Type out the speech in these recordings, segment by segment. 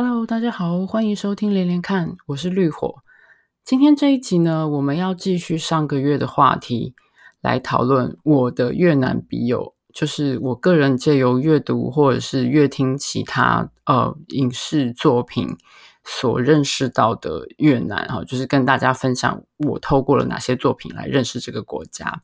Hello，大家好，歡迎收聽連連看，我是綠火。今天這一集呢，我們要繼續上個月的話題來討論我的越南筆友，就是我個人借由閱讀或者是閱聽其他呃影視作品所認識到的越南哈、哦，就是跟大家分享我透過了哪些作品來認識這個國家。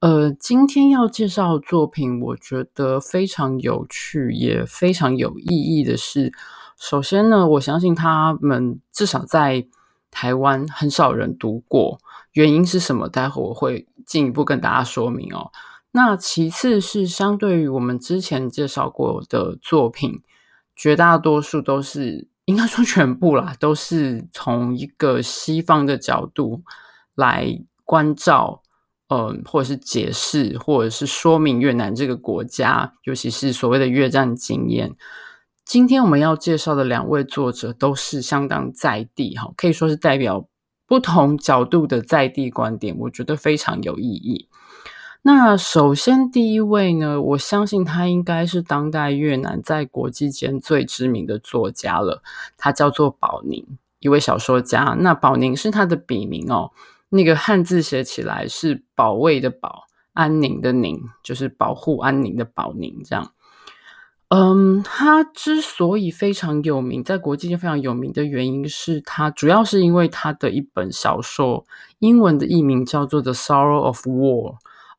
呃，今天要介紹作品，我覺得非常有趣也非常有意義的是。首先呢，我相信他們至少在台灣很少人讀過，原因是什麼？待會我會進一步跟大家說明哦。那其次是相對於我們之前介紹過的作品，絕大多數都是應該說全部啦，都是從一個西方的角度來關照，嗯、呃，或者是解釋，或者是說明越南這個國家，尤其是所謂的越戰經驗。今天我們要介紹的兩位作者都是相當在地哈，可以說是代表不同角度的在地觀點，我覺得非常有意義。那首先第一位呢，我相信他應該是當代越南在國際間最知名的作家了，他叫做保寧，一位小說家。那保寧是他的筆名哦，那個漢字寫起來是保衛的保，安寧的寧，就是保護安寧的保寧這樣。嗯，他之所以非常有名，在國際上非常有名的原因是他主要是因為他的一本小說，英文的譯名叫做《The Sorrow of War》。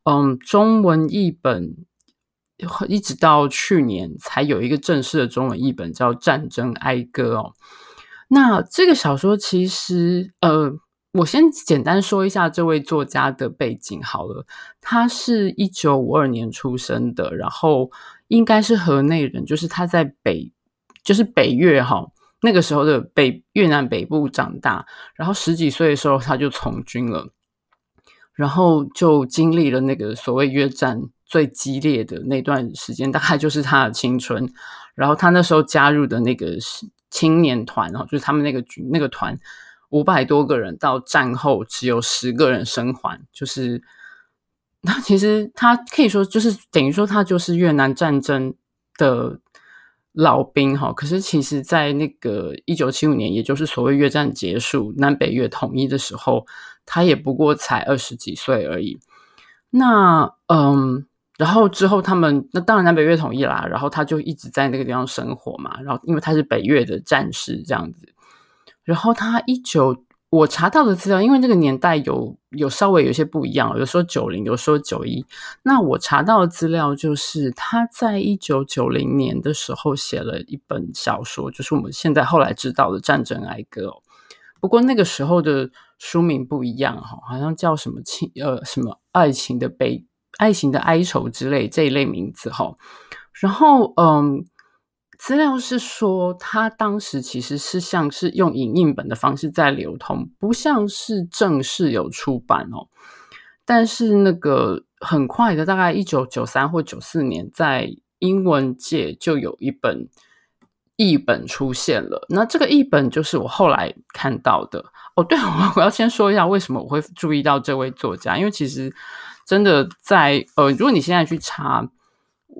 嗯，中文譯本一直到去年才有一個正式的中文譯本，叫《戰爭哀歌》哦。那這個小說其實，呃，我先簡單說一下這位作家的背景好了。他是一九五二年出生的，然後。應該是河內人，就是他在北，就是北越齁，那個時候的北越南北部長大，然後十幾歲的時候他就從軍了，然後就經歷了那個所謂越戰最激烈的那段時間，大概就是他的青春，然後他那時候加入的那個青年團，然後就是他們那個軍那個團五百多個人，到戰後只有十個人生還，就是。他其實他可以說就是等於說他就是越南戰爭的老兵哈，可是其實，在那個一九七五年，也就是所謂越戰結束、南北越統一的時候，他也不過才二十幾歲而已。那嗯，然後之後他們那當然南北越統一啦，然後他就一直在那個地方生活嘛，然後因為他是北越的戰士這樣子，然後他一九。我查到的資料，因為那個年代有有稍微有些不一樣，有時候九零，有時候九一。那我查到的資料就是他在一九九零年的時候寫了一本小說，就是我們現在後來知道的《戰爭哀歌》，不過那個時候的書名不一樣，好像叫什麼情呃什麼愛情的悲愛情的哀愁之類這一類名字哈。然後嗯。資料是說，他當時其實是像是用影印本的方式在流通，不像是正式有出版哦。但是那個很快的，大概一九九三或九四年，在英文界就有一本譯本出現了。那這個譯本就是我後來看到的。哦，對，我我要先說一下為什麼我會注意到這位作家，因為其實真的在呃，如果你現在去查。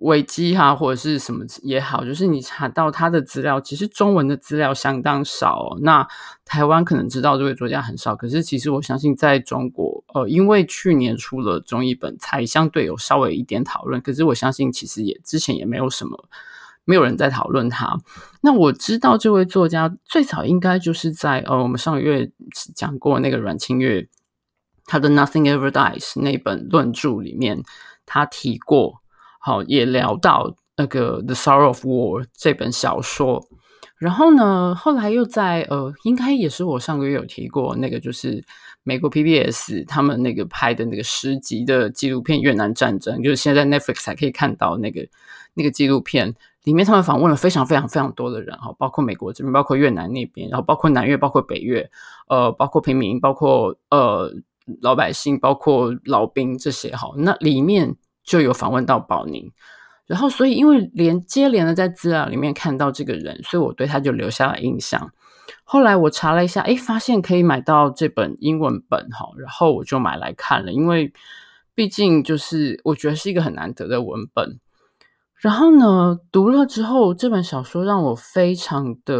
維基哈，啊，或者是什麼也好，就是你查到他的資料，其實中文的資料相當少哦。那台灣可能知道這位作家很少，可是其實我相信在中國，呃，因為去年出了中譯本，才相對有稍微一點討論。可是我相信，其實也之前也沒有什麼，沒有人在討論他。那我知道這位作家最早應該就是在呃，我們上個月講過那個阮清越，他的《Nothing Ever Dies》那本論著裡面，他提過。好，也聊到那個《The Sorrow of War》這本小說，然後呢，後來又在呃，應該也是我上個月有提過那個，就是美國 PBS 他們那個拍的那個十集的紀錄片《越南戰爭》，就是現在在 Netflix 還可以看到那個那個紀錄片，裡面他們訪問了非常非常非常多的人，哈，包括美國這邊，包括越南那邊，然後包括南越，包括北越，呃，包括平民，包括呃老百姓，包括老兵這些，哈，那裡面。就有訪問到保寧，然後所以因為連接連的在資料裡面看到這個人，所以我對他就留下了印象。後來我查了一下，誒，發現可以買到這本英文本哈，然後我就買來看了，因為畢竟就是我覺得是一個很難得的文本。然後呢，讀了之後，這本小說讓我非常的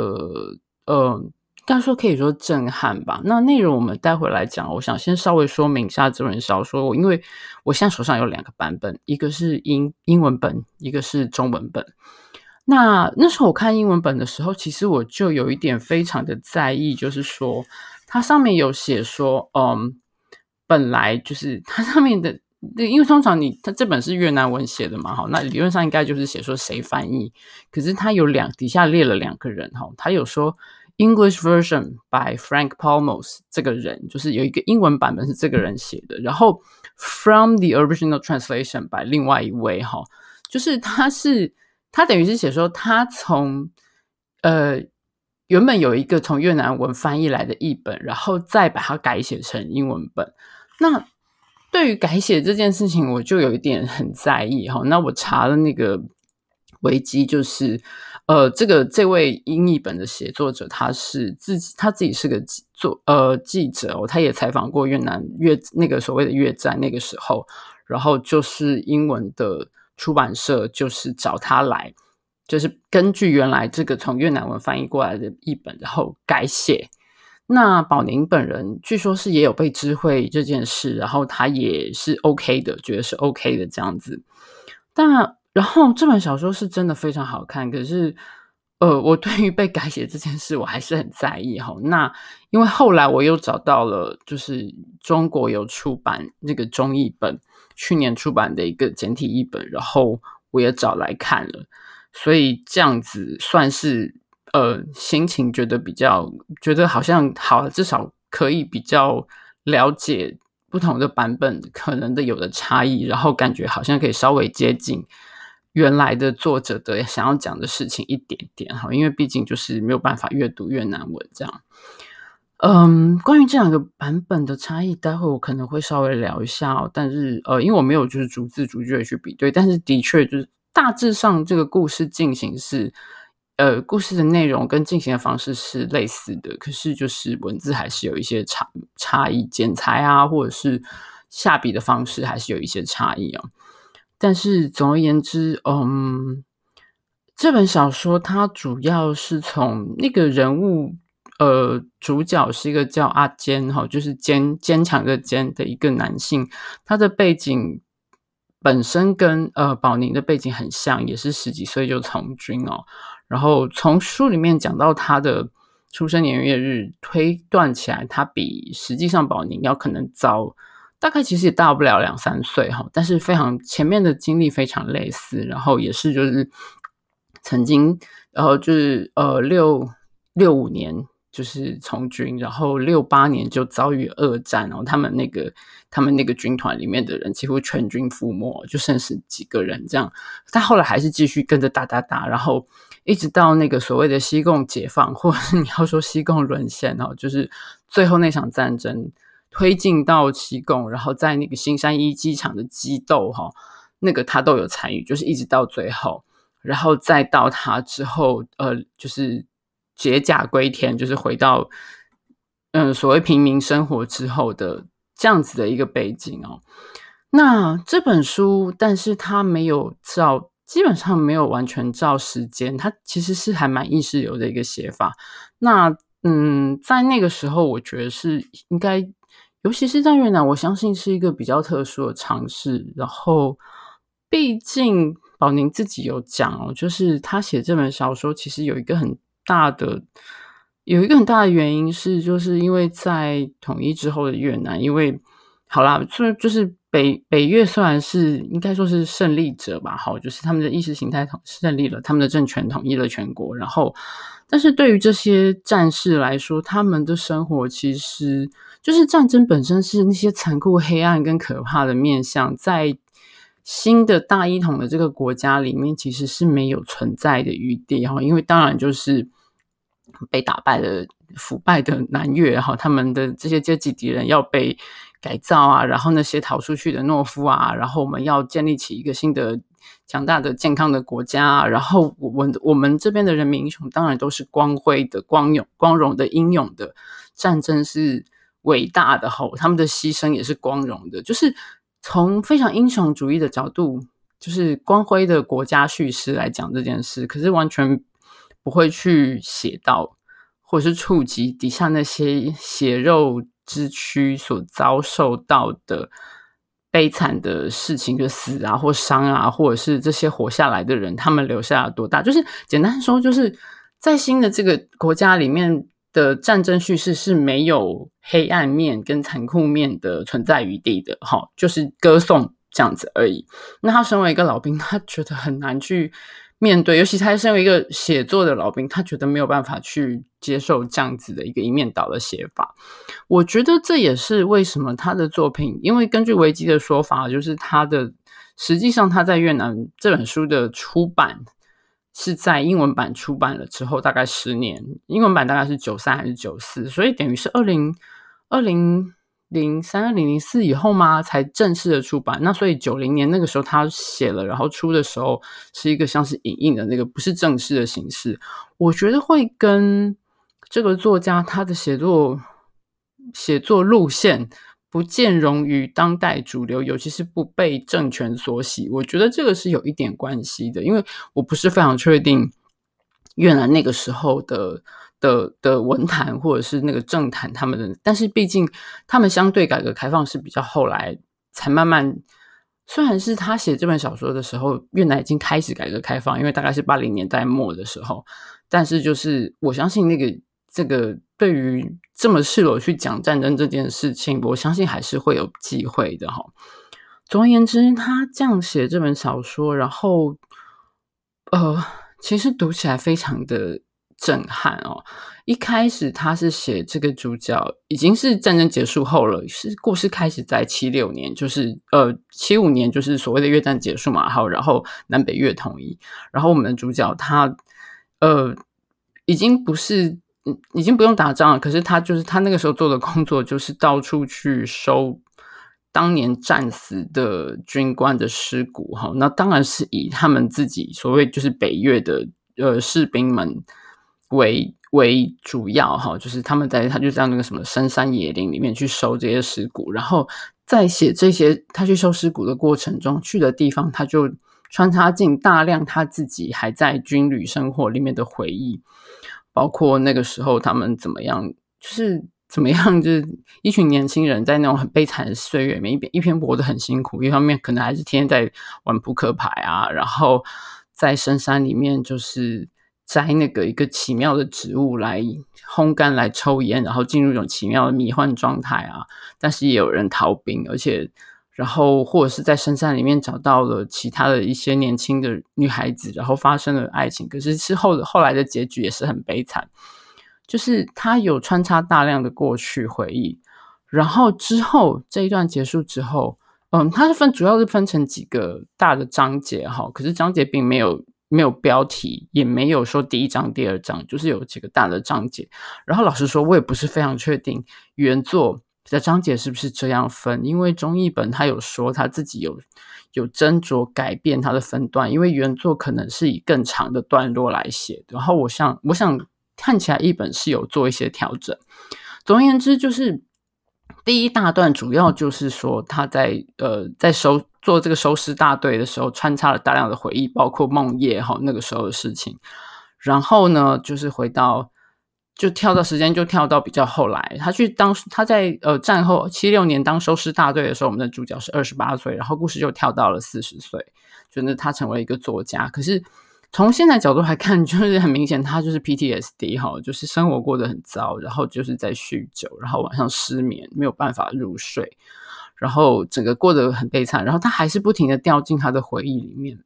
嗯。呃但說可以說震撼吧。那內容我們待會來講。我想先稍微說明一下這本小說，因為我現在手上有兩個版本，一個是英英文本，一個是中文本。那那時候我看英文本的時候，其實我就有一點非常的在意，就是說它上面有寫說，嗯，本來就是它上面的，因為通常你它這本是越南文寫的嘛，那理論上應該就是寫說誰翻譯，可是它有兩底下列了兩個人，它有說。English version by Frank Palmos 這個人就是有一個英文版本是這個人寫的，然後 from the original translation by 另外一位哈，就是他是他等於是寫說他從呃原本有一個從越南文翻譯來的譯本，然後再把它改寫成英文本。那對於改寫這件事情，我就有一點很在意哈。那我查的那個維基就是。呃，這個這位英譯本的寫作者，他是自己他自己是個記作呃記者、哦，他也採訪過越南越那個所謂的越戰那個時候，然後就是英文的出版社就是找他來，就是根據原來這個從越南文翻譯過來的譯本，然後改寫。那保寧本人據說是也有被知會這件事，然後他也是 OK 的，覺得是 OK 的這樣子，但。然後這本小說是真的非常好看，可是，呃，我對於被改寫這件事我還是很在意哈。那因為後來我又找到了，就是中國有出版那個中譯本，去年出版的一個簡體譯本，然後我也找來看了，所以這樣子算是呃，心情覺得比較覺得好像好了，至少可以比較了解不同的版本可能的有的差異，然後感覺好像可以稍微接近原來的作者的想要講的事情一點點哈，因為畢竟就是沒有辦法閱讀越南文這樣。嗯，關於這兩個版本的差異，待會我可能會稍微聊一下哦。但是呃，因為我沒有就是逐字逐句的去比對，但是的確就是大致上這個故事進行是呃，故事的內容跟進行的方式是類似的，可是就是文字還是有一些差差異，剪裁啊，或者是下筆的方式還是有一些差異啊、哦。但是總而言之，嗯，這本小說它主要是從那個人物，呃，主角是一個叫阿堅哈、哦，就是堅堅強的堅的一個男性，他的背景本身跟呃保寧的背景很像，也是十幾歲就從軍哦。然後從書裡面講到他的出生年月日，推斷起來，他比實際上保寧要可能早。大概其實也大不了兩三歲哈，但是非常前面的經歷非常類似，然後也是就是曾經，然後就是呃六六五年就是從軍，然後六八年就遭遇惡戰，然後他們那個他們那個軍團裡面的人幾乎全軍覆沒，就剩十幾個人這樣，但後來還是繼續跟着打打打，然後一直到那個所謂的西貢解放，或是你要說西貢淪陷呢，然後就是最後那場戰爭。推進到西貢，然後在那個新山一機場的激鬥，那個他都有參與，就是一直到最後，然後再到他之後，呃，就是解甲歸田，就是回到嗯、呃、所謂平民生活之後的這樣子的一個背景哦。那這本書，但是他沒有照，基本上沒有完全照時間，它其實是還蠻意識流的一個寫法。那嗯，在那個時候，我覺得是應該。尤其是在越南，我相信是一個比較特殊的嘗試。然後，畢竟保寧自己有講哦，就是他寫這本小說，其實有一個很大的，有一個很大的原因是，就是因為在統一之後的越南，因為好啦，所以就是。北北越雖然是應該說是勝利者吧，好，就是他們的意識形態統勝利了，他們的政權統一了全國。然後，但是對於這些戰士來說，他們的生活其實就是戰爭本身是那些殘酷、黑暗跟可怕的面向，在新的大一統的這個國家裡面，其實是沒有存在的餘地。哈，因為當然就是被打敗的、腐敗的南越，哈，他們的這些階級敵人要被。改造啊，然後那些逃出去的懦夫啊，然後我們要建立起一個新的、強大的、健康的國家啊。然後我們我們這邊的人民英雄當然都是光輝的、光榮、光榮的、英勇的。戰爭是偉大的，吼，他們的犧牲也是光榮的。就是從非常英雄主義的角度，就是光輝的國家敘事來講這件事，可是完全不會去寫到，或者是觸及底下那些血肉，之軀所遭受到的悲慘的事情，就是、死啊，或傷啊，或者是這些活下來的人，他們留下了多大？就是簡單說，就是在新的這個國家裡面的戰爭敘事是沒有黑暗面跟殘酷面的存在餘地的。齁，就是歌頌。這樣子而已。那他身為一個老兵，他覺得很難去面對，尤其他身為一個寫作的老兵，他覺得沒有辦法去接受這樣子的一個一面倒的寫法。我覺得這也是為什麼他的作品，因為根據維基的說法，就是他的實際上他在越南這本書的出版是在英文版出版了之後，大概十年，英文版大概是九三還是九四，所以等於是二零二零。零三零零四以後嘛，才正式的出版。那所以九零年那個時候他寫了，然後出的時候是一個像是影印的那個，不是正式的形式。我覺得會跟這個作家他的寫作寫作路線不見容於當代主流，尤其是不被政權所喜。我覺得這個是有一點關係的，因為我不是非常確定，越南那個時候的。的的文壇或者是那個政壇，他們的，但是畢竟他們相對改革開放是比較後來才慢慢，雖然是他寫這本小說的時候，越南已經開始改革開放，因為大概是八零年代末的時候，但是就是我相信那個這個對於這麼赤裸去講戰爭這件事情，我相信還是會有忌諱的。哈、哦。總而言之，他這樣寫這本小說，然後呃，其實讀起來非常的。震撼哦！一開始他是寫這個主角已經是戰爭結束後了，是故事開始在七六年，就是呃七五年，就是所謂的越戰結束嘛。好，然後南北越統一，然後我們的主角他呃已經不是已經不用打仗了，可是他就是他那個時候做的工作就是到處去收當年戰死的軍官的屍骨。哈、哦，那當然是以他們自己所謂就是北越的呃士兵們。為為主要哈，就是他們在他就在那個什麼深山野林裡面去收這些屍骨，然後在寫這些。他去收屍骨的過程中去的地方，他就穿插進大量他自己還在軍旅生活裡面的回憶，包括那個時候他們怎麼樣，就是怎麼樣，就是一群年輕人在那種很悲慘的歲月裡面，一邊一邊活得很辛苦，一方面可能還是天天在玩撲克牌啊，然後在深山裡面就是。摘那個一個奇妙的植物來烘乾來抽菸，然後進入一種奇妙的迷幻狀態啊，但是也有人逃兵，而且然後或者是在深山裡面找到了其他的一些年輕的女孩子，然後發生了愛情。可是之後的後來的結局也是很悲慘，就是他有穿插大量的過去回憶，然後之後這一段結束之後，嗯，他是分主要是分成幾個大的章節哈，可是章節並沒有。沒有標題，也沒有說第一章、第二章，就是有幾個大的章節。然後老實說，我也不是非常確定原作的章節是不是這樣分，因為中譯本他有說他自己有有斟酌改變他的分段，因為原作可能是以更長的段落來寫。然後我想，我想看起來譯本是有做一些調整。總而言之，就是。第一大段主要就是說他在呃，在收做這個收屍大隊的時候，穿插了大量的回憶，包括夢夜哈那個時候的事情。然後呢，就是回到，就跳到時間就跳到比較後來，他去當他在呃戰後七六年當收屍大隊的時候，我們的主角是二十八歲，然後故事就跳到了四十歲，就那他成為一個作家，可是。從現在角度來看，就是很明顯，他就是 PTSD 哈，就是生活過得很糟，然後就是在酗酒，然後晚上失眠，沒有辦法入睡，然後整個過得很悲慘，然後他還是不停的掉進他的回憶裡面。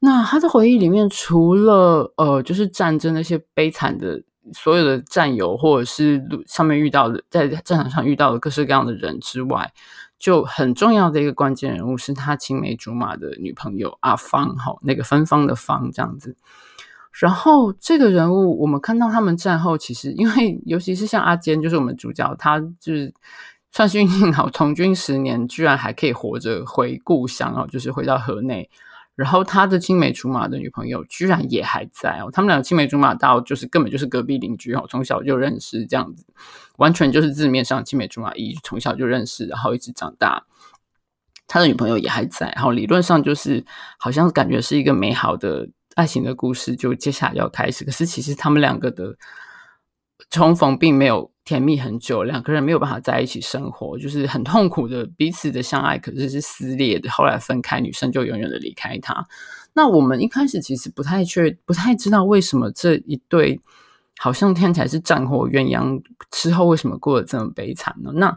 那他的回憶裡面，除了呃，就是戰爭那些悲慘的，所有的戰友或者是路上面遇到的，在戰場上遇到的各式各樣的人之外。就很重要的一個關鍵人物是他青梅竹馬的女朋友阿芳，好，那個芬芳的芳這樣子。然後這個人物，我們看到他們戰後，其實因為尤其是像阿堅，就是我們主角，他就是算是運氣好，從軍十年居然還可以活着回故鄉哦，就是回到河內。然後他的青梅竹馬的女朋友居然也還在哦，他們倆青梅竹馬到就是根本就是隔壁鄰居哦，從小就認識這樣子，完全就是字面上青梅竹馬，一從小就認識，然後一直長大，他的女朋友也還在，然後理論上就是好像感覺是一個美好的愛情的故事，就接下來要開始，可是其實他們兩個的。重逢並沒有甜蜜很久，兩個人沒有辦法在一起生活，就是很痛苦的彼此的相愛，可是是撕裂的。後來分開，女生就永遠的離開他。那我們一開始其實不太確，不太知道為什麼這一對好像天才是戰火鴛鴦之後，為什麼過得這麼悲慘呢？那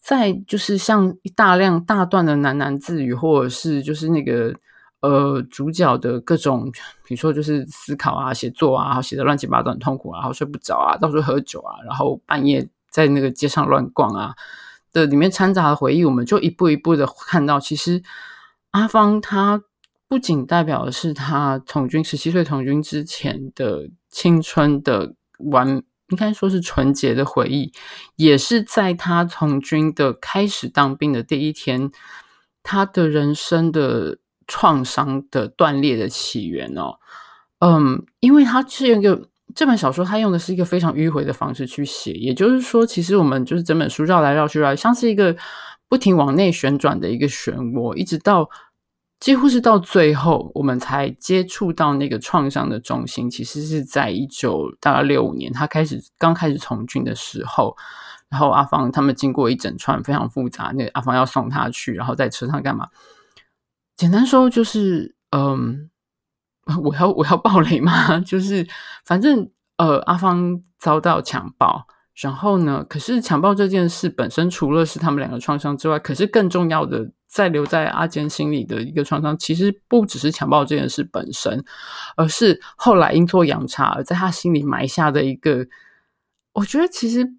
在就是像一大量大段的喃喃自語，或者是就是那個。呃，主角的各種，比如說就是思考啊、寫作啊，然後寫的亂七八糟、很痛苦啊，然後睡不着啊，到處喝酒啊，然後半夜在那個街上亂逛啊的，裡面摻雜的回憶，我們就一步一步的看到，其實阿芳他不僅代表的是他從軍十七歲從軍之前的青春的完，應該說是純潔的回憶，也是在他從軍的開始當兵的第一天，他的人生的。創傷的斷裂的起源哦，嗯，因為它是一個這本小說，它用的是一個非常迂迴的方式去寫，也就是說，其實我們就是整本書繞來繞去繞，像是一個不停往內旋轉的一個漩渦，一直到幾乎是到最後，我們才接觸到那個創傷的中心。其實是在一九大概六五年，他開始剛開始從軍的時候，然後阿芳他們經過一整串非常複雜，那個，阿芳要送他去，然後在車上幹嘛？簡單說就是，嗯，我要我要爆雷嗎？就是，反正呃，阿芳遭到強暴，然後呢，可是強暴這件事本身，除了是他們兩個創傷之外，可是更重要的，在留在阿堅心裡的一個創傷，其實不只是強暴這件事本身，而是後來陰錯陽差，在他心裡埋下的一個，我覺得其實。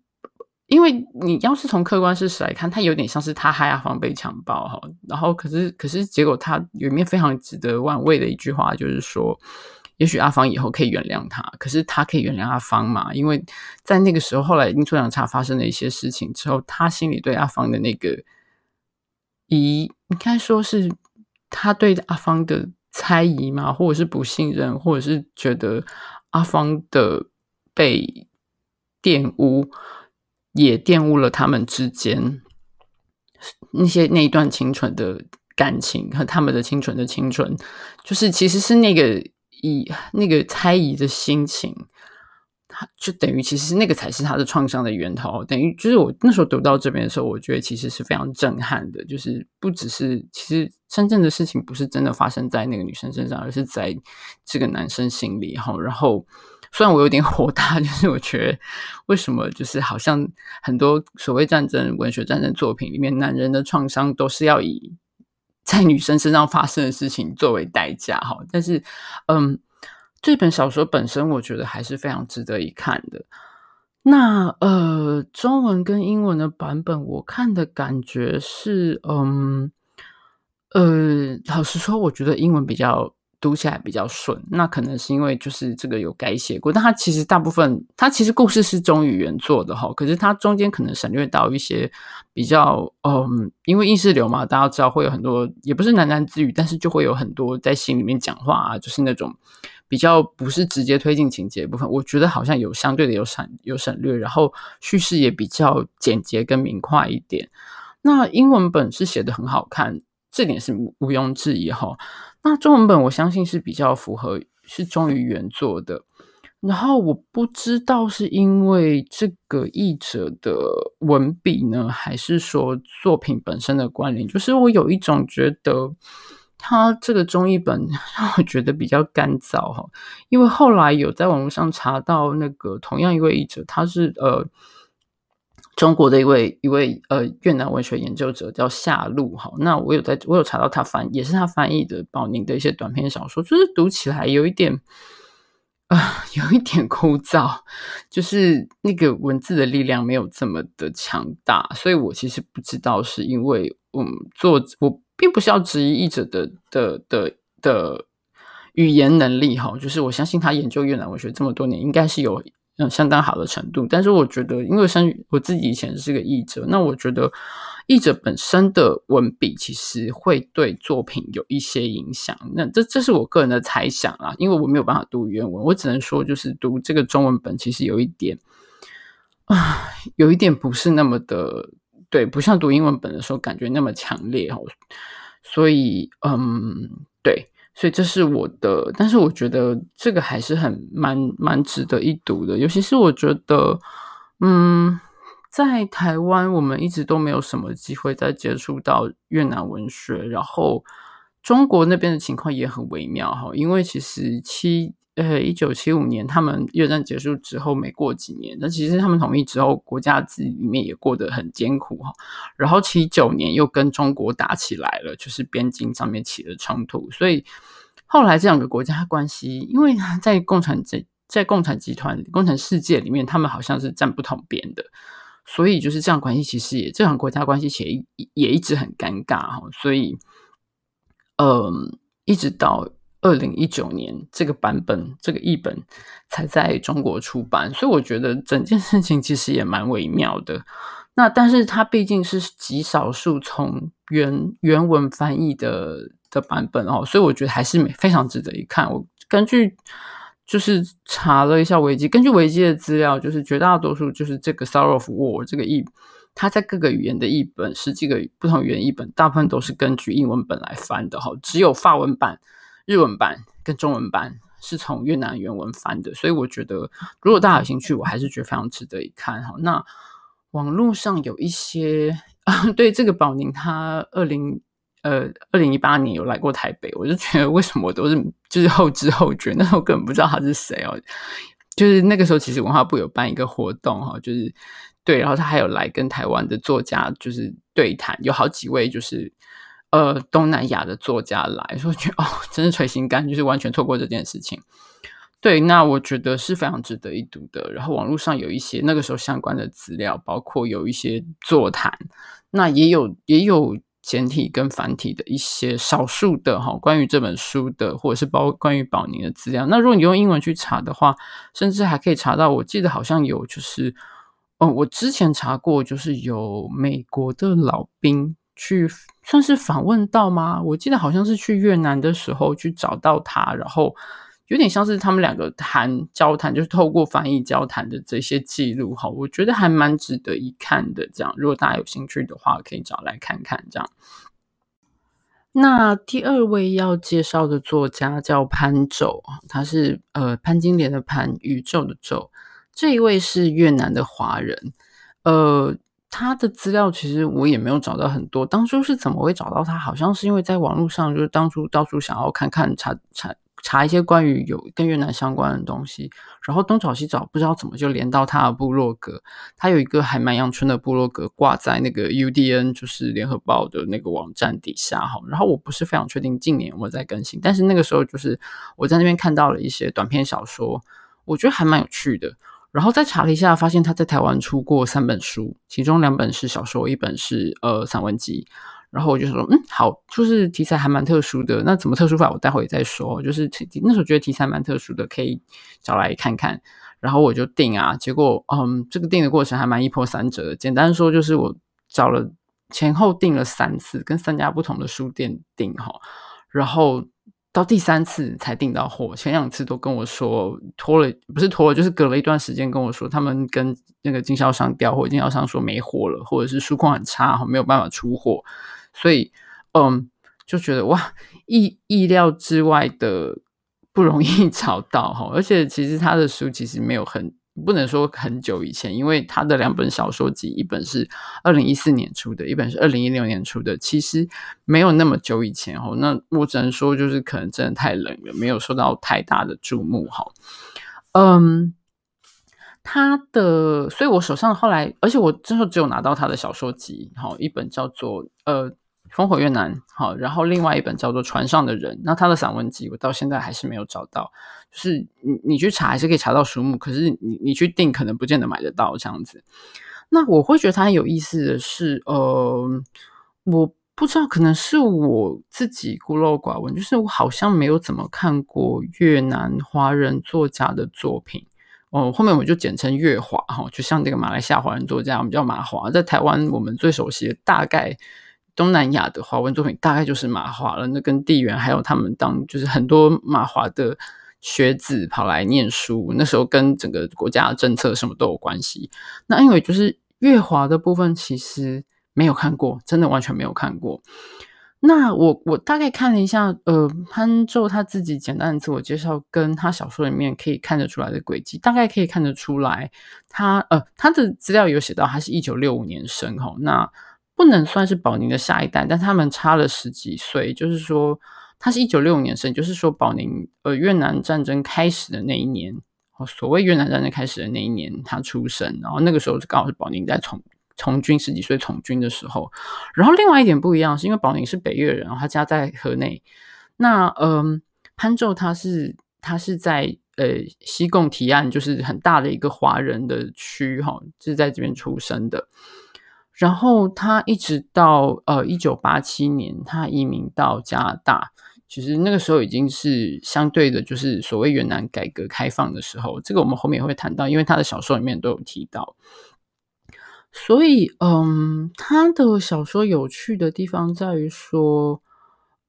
因為你要是從客觀事實來看，他有點像是他害阿芳被強暴哈，然後可是可是結果他有一面非常值得玩味的一句話，就是說，也許阿芳以後可以原諒他，可是他可以原諒阿芳嘛？因為在那個時候，後來陰錯陽差發生的一些事情之後，他心裡對阿芳的那個疑，應該說是他對阿芳的猜疑嘛，或者是不信任，或者是覺得阿芳的被玷污。也玷污了他們之間那些那一段清純的感情和他們的清純的青春。就是其實是那個以那個猜疑的心情，就等於其實那個才是他的創傷的源頭。等於就是我那時候讀到這邊的時候，我覺得其實是非常震撼的，就是不只是其實真正的事情不是真的發生在那個女生身上，而是在這個男生心裡，然後。雖然我有點火大，就是我覺得為什麼就是好像很多所謂戰爭文學、戰爭作品裡面，男人的創傷都是要以在女生身上發生的事情作為代價哈？但是，嗯，這本小說本身，我覺得還是非常值得一看的。那呃，中文跟英文的版本，我看的感覺是，嗯，呃，老實說，我覺得英文比較。讀起來比較順，那可能是因為就是這個有改寫過，但它其實大部分，它其實故事是忠於原作的哈。可是它中間可能省略到一些比較，嗯，因為意識流嘛，大家知道會有很多，也不是喃喃自語，但是就會有很多在心裡面講話啊，就是那種比較不是直接推進情節的部分，我覺得好像有相對的有省有省略，然後敘事也比較簡潔跟明快一點。那英文本是寫得很好看，這點是毋庸置疑哈。那中文本我相信是比較符合，是忠於原作的。然後我不知道是因為這個譯者的文筆呢，還是說作品本身的關聯，就是我有一種覺得他這個中譯本讓我覺得比較乾燥。因為後來有在網絡上查到那個同樣一位譯者，他是呃。中國的一位一位呃越南文學研究者叫夏露哈，那我有在，我有查到他翻也是他翻譯的保寧的一些短篇小說，就是讀起來有一點啊、呃，有一點枯燥，就是那個文字的力量沒有這麼的強大，所以我其實不知道是因為嗯，做我並不是要質疑譯者的的的的語言能力哈，就是我相信他研究越南文學這麼多年，應該是有。相當好的程度，但是我覺得，因為像我自己以前是個譯者，那我覺得譯者本身的文筆其實會對作品有一些影響。那這這是我個人的猜想啦、啊，因為我沒有辦法讀原文，我只能說就是讀這個中文本，其實有一點啊、呃，有一點不是那麼的對，不像讀英文本的時候感覺那麼強烈哦。所以，嗯，對。所以這是我的，但是我覺得這個還是很蠻蠻值得一讀的，尤其是我覺得，嗯，在台灣我們一直都沒有什麼機會再接觸到越南文學，然後中國那邊的情況也很微妙哈，因為其實七。一九七五年，他們越戰結束之後沒過幾年，那其實他們統一之後，國家自己裡面也過得很艱苦哈。然後七九年又跟中國打起來了，就是邊境上面起了衝突。所以後來這兩個國家的關係，因為在共產集在共產集團、共產世界裡面，他們好像是站不同邊的，所以就是這樣關係，其實也這樣國家關係也也一直很尷尬哈。所以，嗯、呃，一直到，二零一九年這個版本，這個譯本才在中國出版，所以我覺得整件事情其實也蠻微妙的。那但是它畢竟是極少數從原原文翻譯的的版本哦，所以我覺得還是非常值得一看。我根據就是查了一下維基，根據維基的資料，就是絕大多數就是這個《Sorrow of War》這個譯，它在各個語言的譯本，十幾個不同語言譯本，大部分都是根據英文本來翻的哈，只有法文版，日文版跟中文版是從越南原文翻的，所以我覺得如果大家有興趣，我還是覺得非常值得一看哈。那網絡上有一些啊，對這個保寧他二零、呃，他二零呃二零一八年有來過台北，我就覺得為什麼我都是就是後知後覺，那時候根本不知道他是誰哦。就是那個時候其實文化部有辦一個活動哈、哦，就是對，然後他還有來跟台灣的作家就是對談，有好幾位就是。呃，東南亞的作家來說，去哦，真是捶心肝，就是完全錯過這件事情。對，那我覺得是非常值得一讀的。然後網絡上有一些那個時候相關的資料，包括有一些座談，那也有也有簡體跟繁體的一些少數的哈、哦，關於這本書的，或者是包關於保寧的資料。那如果你用英文去查的話，甚至還可以查到，我記得好像有就是哦，我之前查過，就是有美國的老兵。去算是訪問到嗎？我記得好像是去越南的時候去找到他，然後有點像是他們兩個談交談，就是透過翻譯交談的這些記錄哈，我覺得還蠻值得一看的。這樣，如果大家有興趣的話，可以找來看看。這樣，那第二位要介紹的作家叫潘宙，他是呃，潘金蓮的潘，宇宙的宙，這一位是越南的華人，呃。他的資料其實我也沒有找到很多，當初是怎麼會找到他？好像是因為在網絡上，就是當初到處想要看看查查查一些關於有跟越南相關的東西，然後東找西找，不知道怎麼就連到他的部落格。他有一個還蠻陽春的部落格掛在那個 UDN 就是聯合報的那個網站底下，然後我不是非常確定近年有沒有在更新，但是那個時候就是我在那邊看到了一些短篇小說，我覺得還蠻有趣的。然後再查了一下，發現他在台灣出過三本書，其中兩本是小說，一本是呃散文集。然後我就說，嗯，好，就是題材還蠻特殊的。那怎麼特殊法？我待會也再說。就是那時候覺得題材蠻特殊的，可以找來看看。然後我就訂啊，結果嗯，這個訂的過程還蠻一波三折的。簡單說，就是我找了前後訂了三次，跟三家不同的書店訂哈，然後。到第三次才訂到貨，前兩次都跟我說拖了，不是拖了，就是隔了一段時間跟我說，他們跟那個經銷商調貨，經銷商說沒貨了，或者是書況很差，沒有辦法出貨，所以，嗯，就覺得哇，意意料之外的不容易找到哈，而且其實他的書其實沒有很。不能說很久以前，因為他的兩本小說集，一本是二零一四年出的，一本是二零一六年出的，其實沒有那麼久以前。那我只能說，就是可能真的太冷了，沒有受到太大的注目哈。嗯，他的，所以我手上後來，而且我真的只有拿到他的小說集，好，一本叫做呃《烽火越南》好，然後另外一本叫做《船上的人》。那他的散文集，我到現在還是沒有找到。就是你你去查還是可以查到書目，可是你你去訂可能不見得買得到這樣子。那我會覺得它很有意思的是，呃，我不知道，可能是我自己孤陋寡聞，就是我好像沒有怎麼看過越南華人作家的作品。哦、呃，後面我就簡稱越華哈、哦，就像這個馬來西亞華人作家，我們叫馬華。在台灣，我們最熟悉的大概東南亞的華文作品，大概就是馬華了。那跟地緣，還有他們當就是很多馬華的。學子跑來念書，那時候跟整個國家的政策什麼都有關係。那因為就是越華的部分，其實沒有看過，真的完全沒有看過。那我我大概看了一下，呃，潘宙他自己簡單的自我介紹，跟他小說裡面可以看得出來的軌跡，大概可以看得出來他，他呃他的資料有寫到，他是一九六五年生、哦，哈，那不能算是保寧的下一代，但他們差了十幾歲，就是說。他是一九六五年生，就是說，保寧呃，越南戰爭開始的那一年，哦，所謂越南戰爭開始的那一年，他出生。然後那個時候剛好是保寧在從從軍十幾歲從軍的時候。然後另外一點不一樣是，因為保寧是北越人，然後他家在河內。那嗯、呃，潘宙他是他是在呃西貢堤岸，就是很大的一個華人的區，哈、哦，就是在這邊出生的。然後他一直到呃一九八七年，他移民到加拿大。其實那個時候已經是相對的，就是所謂越南改革開放的時候，這個我們後面也會談到，因為他的小說裡面都有提到。所以，嗯，他的小說有趣的地方在於說，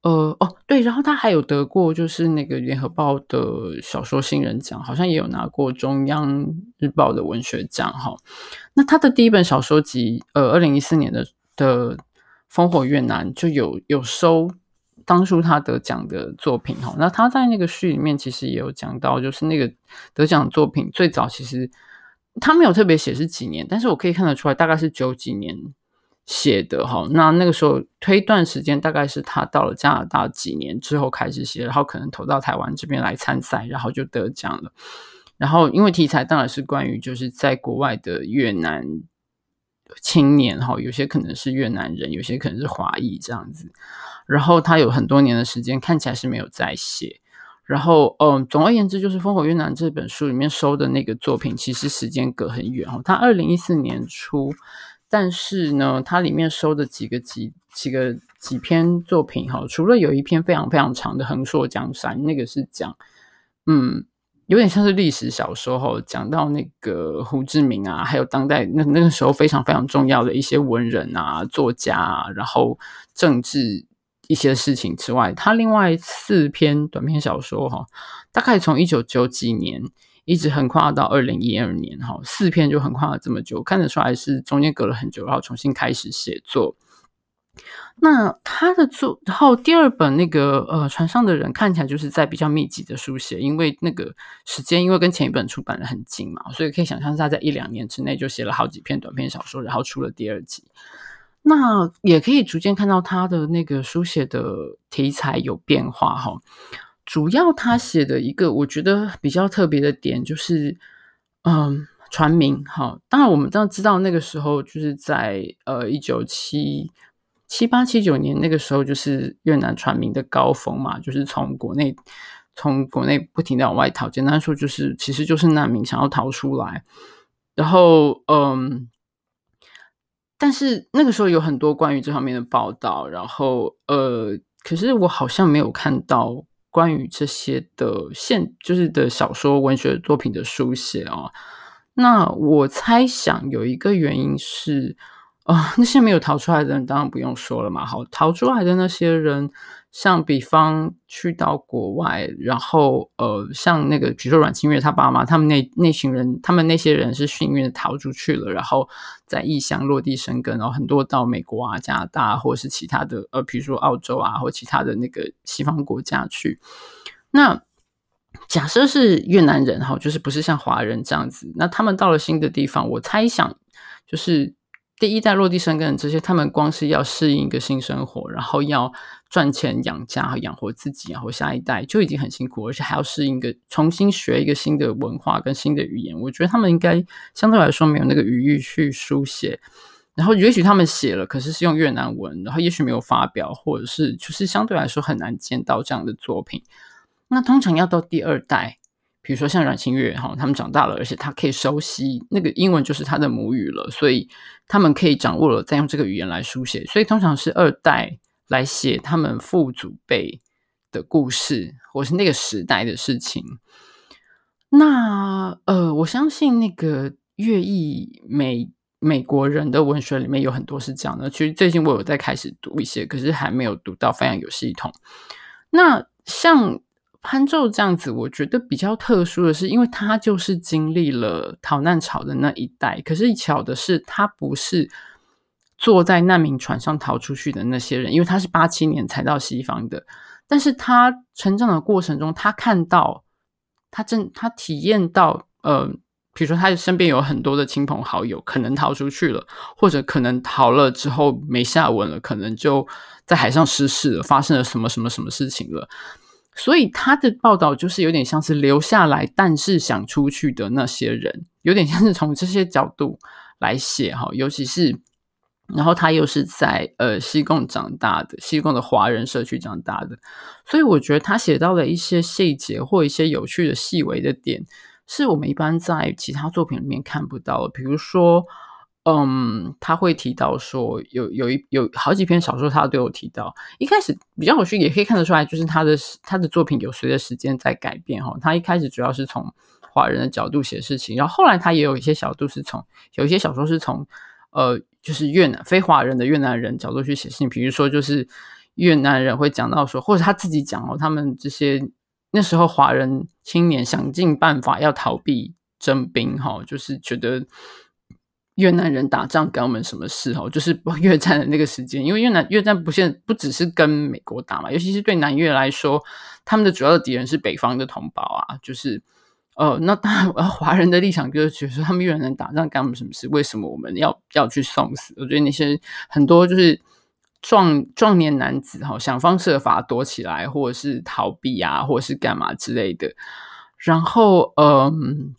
呃，哦，對，然後他還有得過，就是那個《聯合報》的小說新人獎，好像也有拿過《中央日報》的文學獎。哈、哦，那他的第一本小說集，呃，二零一四年的的《烽火越南》就有有收。當初他得獎的作品哈，那他在那個序裡面其實也有講到，就是那個得獎作品最早其實他沒有特別寫是幾年，但是我可以看得出來大概是九幾年寫的哈。那那個時候推斷時間大概是他到了加拿大幾年之後開始寫，然後可能投到台灣這邊來參賽，然後就得獎了。然後因為題材當然是關於就是在國外的越南青年哈，有些可能是越南人，有些可能是華裔這樣子。然後他有很多年的時間看起來是沒有在寫，然後嗯、哦，總而言之，就是《烽火越南》這本書裡面收的那個作品，其實時間隔很遠哦。他二零一四年初，但是呢，它裡面收的幾個幾幾個幾篇作品哈，除了有一篇非常非常長的《橫槊江山》，那個是講嗯，有點像是歷史小說哈，講到那個胡志明啊，還有當代那那個時候非常非常重要的一些文人啊、作家啊，然後政治一些事情之外，他另外四篇短篇小說哈，大概從一九九幾年一直橫跨到二零一二年哈，四篇就橫跨了這麼久，看得出來是中間隔了很久，然後重新開始寫作。那他的作，然後第二本那個呃，船上的人看起來就是在比較密集的書寫，因為那個時間，因為跟前一本出版的很近嘛，所以可以想象是他在一兩年之內就寫了好幾篇短篇小說，然後出了第二集。那也可以逐漸看到他的那個書寫的題材有變化哈，主要他寫的一個我覺得比較特別的點就是，嗯，船民哈，當然我們都知道那個時候就是在呃一九七七八七九年那個時候就是越南船民的高峰嘛，就是從國內從國內不停的往外逃，簡單說就是其實就是難民想要逃出來，然後嗯。但是那個時候有很多關於這方面的報道，然後呃，可是我好像沒有看到關於這些的現就是的小說文學作品的書寫哦。那我猜想有一個原因是啊，呃，那些沒有逃出來的人當然不用說了嘛，好逃出來的那些人。像比方去到國外，然後呃，像那個比如說阮清月他爸媽，他們那那群人，他們那些人是幸運的逃出去了，然後在異鄉落地生根，然後很多到美國啊、加拿大啊，或是其他的呃，比如說澳洲啊，或其他的那個西方國家去。那假設是越南人哈，哦，就是不是像華人這樣子，那他們到了新的地方，我猜想就是。第一代落地生根這些，他們光是要適應一個新生活，然後要賺錢養家和養活自己，然後下一代就已經很辛苦，而且還要適應一個重新學一個新的文化跟新的語言。我覺得他們應該相對來說沒有那個餘裕去書寫，然後也許他們寫了，可是是用越南文，然後也許沒有發表，或者是就是相對來說很難見到這樣的作品。那通常要到第二代，比如說像阮清越哈，他們長大了，而且他可以熟悉那個英文，就是他的母語了，所以他們可以掌握了，再用這個語言來書寫。所以通常是二代來寫他們父祖輩的故事，或是那個時代的事情。那呃，我相信那個越裔美美國人的文學裡面有很多是這樣的。其實最近我有在開始讀一些，可是還沒有讀到非常有系統。那像。潘宙這樣子，我覺得比較特殊的是，因為他就是經歷了逃難潮的那一代。可是巧的是，他不是坐在難民船上逃出去的那些人，因為他是八七年才到西方的。但是他成長的過程中，他看到，他正他體驗到，呃，比如說他身邊有很多的親朋好友可能逃出去了，或者可能逃了之後沒下文了，可能就在海上失事了，發生了什麼什麼什麼事情了。所以他的報道就是有點像是留下來，但是想出去的那些人，有點像是從這些角度來寫哈。尤其是，然後他又是在呃西貢長大的，西貢的華人社區長大的，所以我覺得他寫到了一些細節或一些有趣的細微的點，是我們一般在其他作品裡面看不到的，比如說。嗯，他會提到說，有有一有好幾篇小說，他都有提到。一開始比較有趣，也可以看得出來，就是他的他的作品有隨着時間在改變哈、哦。他一開始主要是從華人的角度寫事情，然後後來他也有一些小說是從，有一些小說是從，呃，就是越南非華人的越南人角度去寫事情。比如說，就是越南人會講到說，或者是他自己講哦，他們這些那時候華人青年想盡辦法要逃避徵兵哈、哦，就是覺得。越南人打仗干我們什麼事？哦，就是越戰的那個時間，因為越南越戰不是不只是跟美國打嘛，尤其是對南越來說，他們的主要的敵人是北方的同胞啊。就是呃，那當然、啊，華人的立場就是覺得說他們越南人打仗干我們什麼事？為什麼我們要要去送死？我覺得那些很多就是壯壯年男子哈、哦，想方設法躲起來，或者是逃避啊，或者是幹嘛之類的。然後嗯、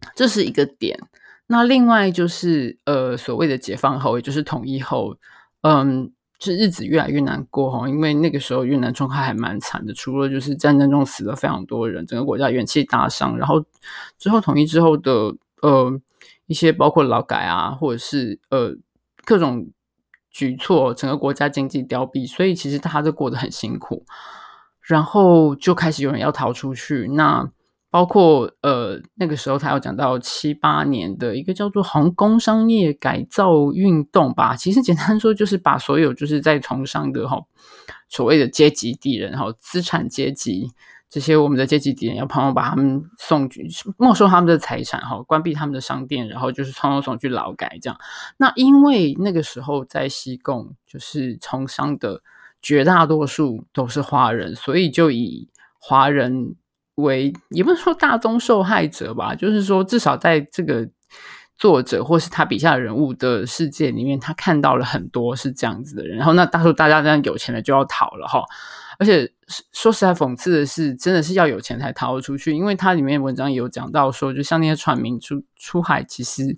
呃，這是一個點。那另外就是呃，所謂的解放後，也就是統一後，嗯，是日子越來越難過哈，因為那個時候越南狀況還，還蠻慘的，除了就是戰爭中死了非常多人，整個國家元氣大傷，然後之後統一之後的呃一些包括勞改啊，或者是呃各種舉措，整個國家經濟凋敝，所以其實他都過得很辛苦，然後就開始有人要逃出去，那。包括呃，那個時候他要講到七八年的一個叫做“紅工商業改造運動”吧，其實簡單說就是把所有就是在從商的，哦，所謂的階級敵人哈，哦，資產階級這些我們的階級敵人要朋友把他們送去沒收他們的財產哈，哦，關閉他們的商店，然後就是統統送去勞改這樣。那因為那個時候在西貢就是從商的絕大多數都是華人，所以就以華人。為也不是說大眾受害者吧，就是說至少在這個作者或是他筆下的人物的世界裡面，他看到了很多是這樣子的人。然後那大數大家這樣有錢的就要逃了哈。而且說實在諷刺的是，真的是要有錢才逃出去，因為他裡面文章也有講到說，就像那些船民出出海，其實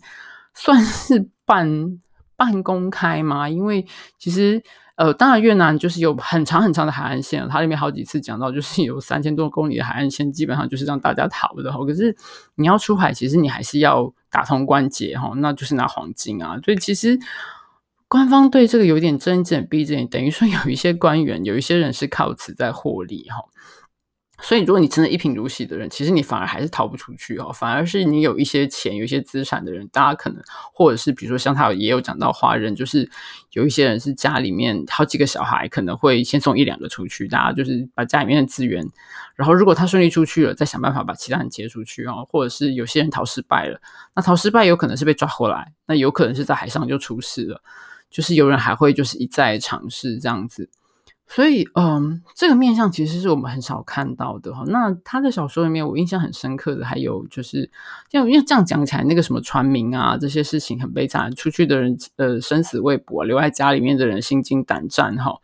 算是半半公開嘛，因為其實。呃，當然，越南就是有很長很長的海岸線，哦，它裡面好幾次講到，就是有三千多公里的海岸線，基本上就是讓大家逃的，哦，可是你要出海，其實你還是要打通關節哈，哦，那就是拿黃金啊。所以其實官方對這個有點睜一隻眼閉一隻眼，等於說有一些官員，有一些人是靠此在獲利哈，哦。所以，如果你真的，一貧如洗的人，其實你反而還是逃不出去哦，反而是你有一些錢、有一些資產的人，大家可能，或者是比如說像他也有講到華人，就是有一些人是家裡面好幾個小孩，可能會先送一兩個出去，大家就是把家裡面的資源，然後如果他順利出去了，再想辦法把其他人接出去哦，或者是有些人逃失敗了，那逃失敗有可能是被抓回來，那有可能是在海上就出事了，就是有人還會就是一再嘗試這樣子。所以，嗯，這個面向其實是我們很少看到的哈。那他的小說裡面，我印象很深刻的還有就是，因為因為這樣講起來，那個什麼船民啊，這些事情很悲慘，出去的人呃生死未卜，留在家裡面的人心驚膽戰哈，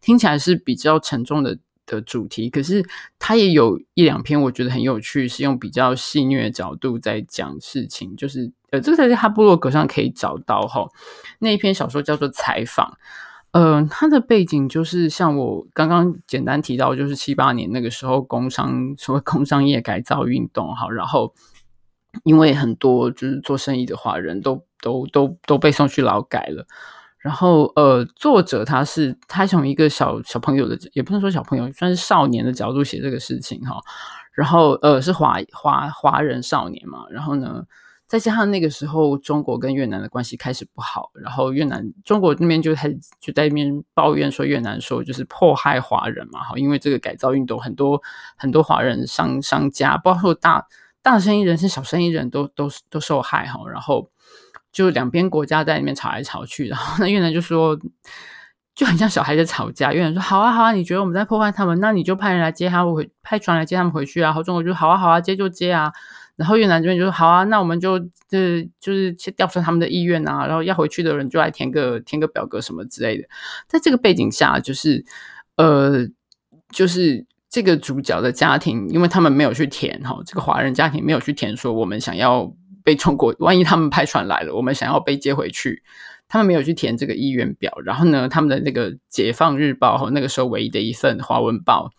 聽起來是比較沉重的的主題。可是他也有一兩篇我覺得很有趣，是用比較戲謔的角度在講事情，就是呃，這個、在哈布洛格上可以找到哈，那一篇小說叫做《採訪》。呃，他的背景就是像我剛剛簡單提到，就是七八年那個時候，工商什麼工商業改造運動，好，然後因為很多就是做生意的華人都都都都被送去勞改了，然後呃，作者他是他從一個小小朋友的，也不能說小朋友，算是少年的角度寫這個事情哈，然後呃是華華華人少年嘛，然後呢。再加上那個時候，中國跟越南的關係開始不好，然後越南中國那邊就開始就在那邊抱怨說越南說就是迫害華人嘛哈，因為這個改造運動很多很多華人商商家，包括大大生意人，是小生意人都都都受害哈，然後就兩邊國家在裡面吵來吵去，然後那越南就說，就很像小孩子吵架，越南說好啊好啊，你覺得我們在破壞他們，那你就派人來接他們回派船來接他們回去啊，然後中國就好啊好啊，接就接啊。然後越南這邊就說：“好啊，那我們就、呃、就是就是去調查他們的意願啊。然後要回去的人就來填個填個表格什麼之類的。”在這個背景下，就是呃，就是這個主角的家庭，因為他們沒有去填哈、哦，這個華人家庭沒有去填說我們想要被中國，萬一他們派船來了，我們想要被接回去，他們沒有去填這個意願表。然後呢，他們的那個《解放日報》和、哦、那個時候唯一的一份華文報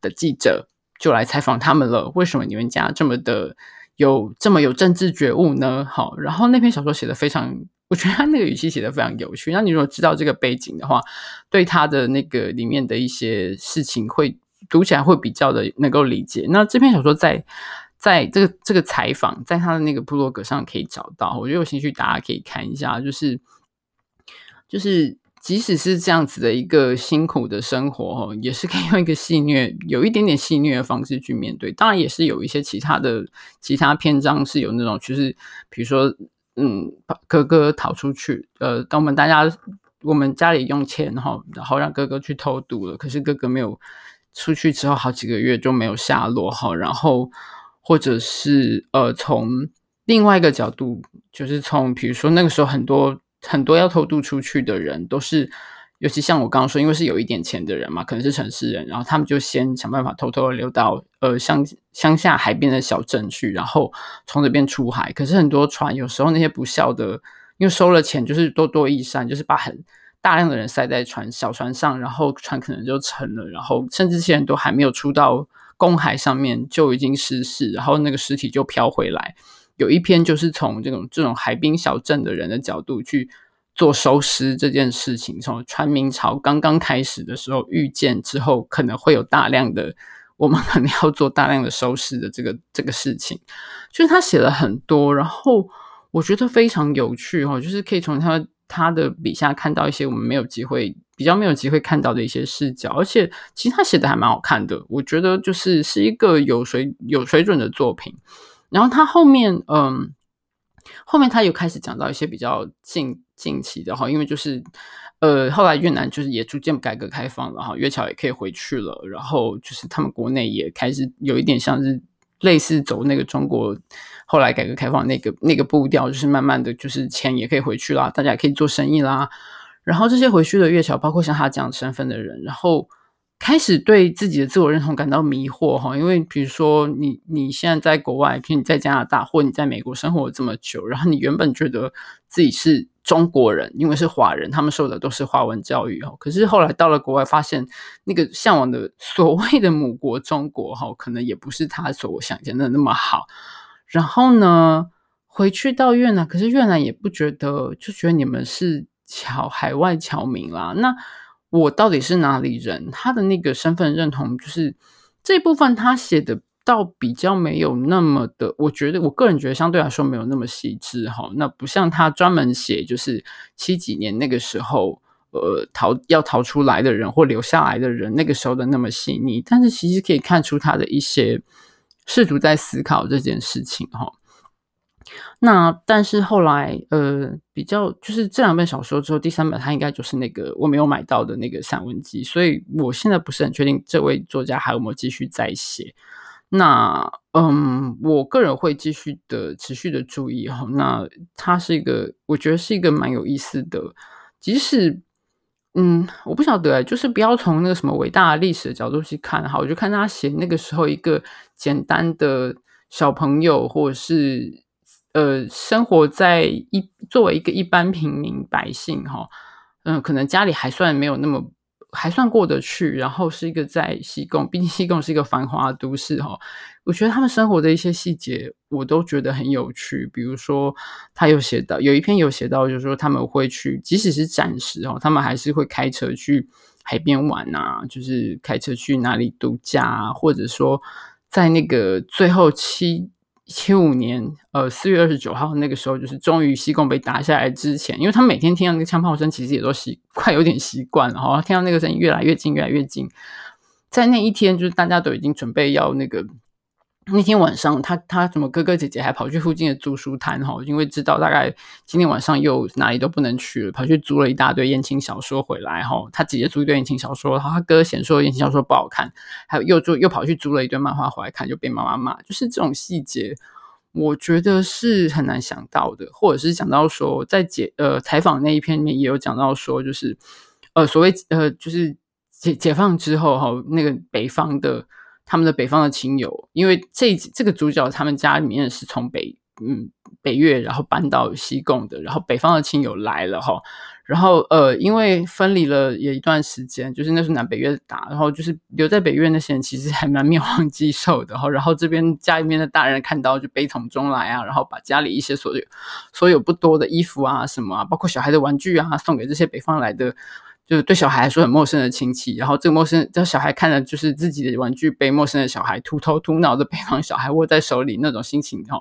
的記者就來採訪他們了：“為什麼你們家這麼的？”有這麼有政治覺悟呢？好，然後那篇小說寫得非常，我覺得他那個語氣寫得非常有趣。那你如果知道這個背景的話，對他的那個裡面的一些事情會讀起來會比較的能夠理解。那這篇小說在在這個這個採訪，在他的那個部落格上可以找到，我覺得有興趣大家可以看一下，就是就是。即使是這樣子的一個辛苦的生活，哦，也是可以用一個戲謔，有一點點戲謔的方式去面對。當然，也是有一些其他的其他篇章是有那種，就是比如說，嗯，哥哥逃出去，呃，當我們大家我們家裡用錢，哈，然後讓哥哥去偷渡了，可是哥哥沒有出去之後，好幾個月就沒有下落，哈，然後或者是呃，從另外一個角度，就是從比如說那個時候很多。很多要偷渡出去的人，都是，尤其像我剛剛說，因為是有一點錢的人嘛，可能是城市人，然後他們就先想辦法偷偷的溜到呃鄉鄉下海邊的小鎮去，然後從這邊出海。可是很多船有時候那些不孝的，因為收了錢就是多多益善，就是把很大量的人塞在船小船上，然後船可能就沉了，然後甚至些人都還沒有出到公海上面就已經失事，然後那個屍體就飄回來。有一篇就是從這種這種海濱小鎮的人的角度去做收屍這件事情，從船民潮剛剛開始的時候預見之後，可能會有大量的我們可能要做大量的收屍的這個這個事情，就是他寫了很多，然後我覺得非常有趣哦，就是可以從他他的筆下看到一些我們沒有機會比較沒有機會看到的一些視角，而且其實他寫的還蠻好看的，我覺得就是是一個有水有水準的作品。然後他後面，嗯，後面他又開始講到一些比較近近期的哈，因為就是，呃，後來越南就是也逐漸改革開放了哈，越僑也可以回去了，然後就是他們國內也開始有一點像是類似走那個中國後來改革開放那個那個步調，就是慢慢的就是錢也可以回去啦，大家也可以做生意啦，然後這些回去的越僑，包括像他這樣身份的人，然後。開始對自己的自我認同感到迷惑哈，因為比如說你你現在在國外，譬如你在加拿大或你在美國生活這麼久，然後你原本覺得自己是中國人，因為是華人，他們受的都是華文教育哈。可是後來到了國外，發現那個向往的所謂的母國中國哈，可能也不是他所想象的那麼好。然後呢，回去到越南，可是越南也不覺得，就覺得你們是僑海外僑民啦，那。我到底是哪裡人？他的那個身份認同，就是這一部分，他寫的倒比較沒有那麼的，我覺得我個人覺得相對來說沒有那麼細緻哈。那不像他專門寫就是七幾年那個時候，呃，逃要逃出來的人或留下來的人那個時候的那麼細膩，但是其實可以看出他的一些試圖在思考這件事情哈。那但是後來，呃，比較就是這兩本小說之後，第三本它應該就是那個我沒有買到的那個散文集，所以我現在不是很確定這位作家還有沒有繼續在寫。那嗯，我個人會繼續的持續的注意哈、哦。那他是一個，我覺得是一個蠻有意思的，即使嗯，我不曉得、欸，就是不要從那個什麼偉大的歷史的角度去看哈，我就看他寫那個時候一個簡單的小朋友或者是。呃，生活在一，作為一個一般平民百姓哈，嗯，可能家裡還算沒有那麼，還算過得去。然後是一個在西貢，畢竟西貢是一個繁華都市哈。我覺得他們生活的一些細節，我都覺得很有趣。比如說，他有寫到，有一篇有寫到，就是說他們會去，即使是暫時哦，他們還是會開車去海邊玩啊，就是開車去哪裡度假啊，或者說在那個最後期。七五年，呃，四月二十九號那個時候，就是終於西貢被打下來之前，因為他每天聽到那個槍炮聲，其實也都習快有點習慣了哈，然後聽到那個聲音越來越近，越來越近，在那一天，就是大家都已經準備要那個。那天晚上，他他怎麼哥哥姐姐還跑去附近的租書攤哈？因為知道大概今天晚上又哪裡都不能去了，跑去租了一大堆言情小說回來哈。他姐姐租一堆言情小說，然後他哥哥嫌說言情小說不好看，還有又又又跑去租了一堆漫畫回來看，就被媽媽罵。就是這種細節，我覺得是很難想到的，或者是講到說在解呃採訪那一篇裡面也有講到說、就是呃呃，就是呃所謂呃就是解解放之後哈，那個北方的。他們的北方的親友，因為這這個主角他們家裡面是從北嗯北越然後搬到西貢的，然後北方的親友來了哈，然後呃因為分離了有一段時間，就是那時候南北越打，然後就是留在北越那些人其實還蠻面黃肌瘦的，然後然後這邊家裡面的大人看到就悲從中來啊，然後把家裡一些所有所有不多的衣服啊什麼啊，包括小孩的玩具啊，送給這些北方來的。就是對小孩來說很陌生的親戚，然後這個陌生，這個小孩看了，就是自己的玩具被陌生的小孩禿頭禿腦的北方小孩握在手裡那種心情哈，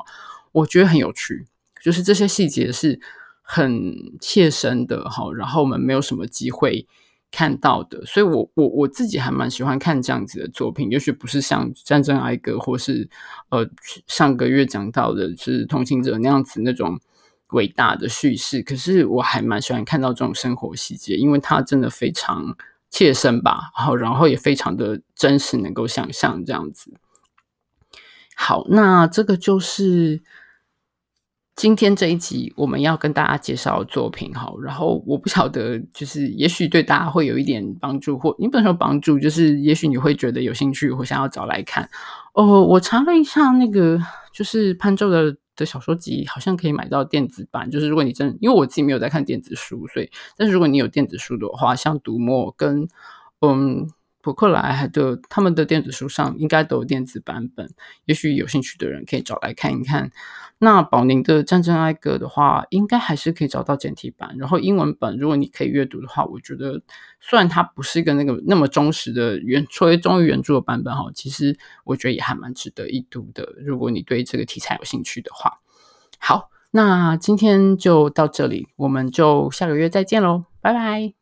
我覺得很有趣。就是這些細節是很切身的哈，然後我們沒有什麼機會看到的，所以我我我自己還蠻喜歡看這樣子的作品，也許不是像戰爭哀歌或是呃上個月講到的是同情者那樣子那種。偉大的敘事，可是我還蠻喜歡看到這種生活細節，因為它真的非常切身吧，好，然後也非常的真實，能夠想象這樣子。好，那這個就是今天這一集我們要跟大家介紹的作品，好，然後我不曉得，就是也許對大家會有一點幫助，或你不能說幫助，就是也許你會覺得有興趣，或想要找來看。哦，我查了一下，那個就是潘宙的。的小說集好像可以買到電子版，就是如果你真，因為我自己沒有在看電子書，所以，但是如果你有電子書的話，像讀墨跟嗯博客來還的他們的電子書上應該都有電子版本，也許有興趣的人可以找來看一看。那保寧的《戰爭哀歌》的話，應該還是可以找到簡體版，然後英文本，如果你可以閱讀的話，我覺得雖然它不是一個那個那麼忠實的原作為忠於原著的版本哈，其實我覺得也還蠻值得一讀的。如果你對這個題材有興趣的話，好，那今天就到這裡，我們就下個月再見嘍，拜拜。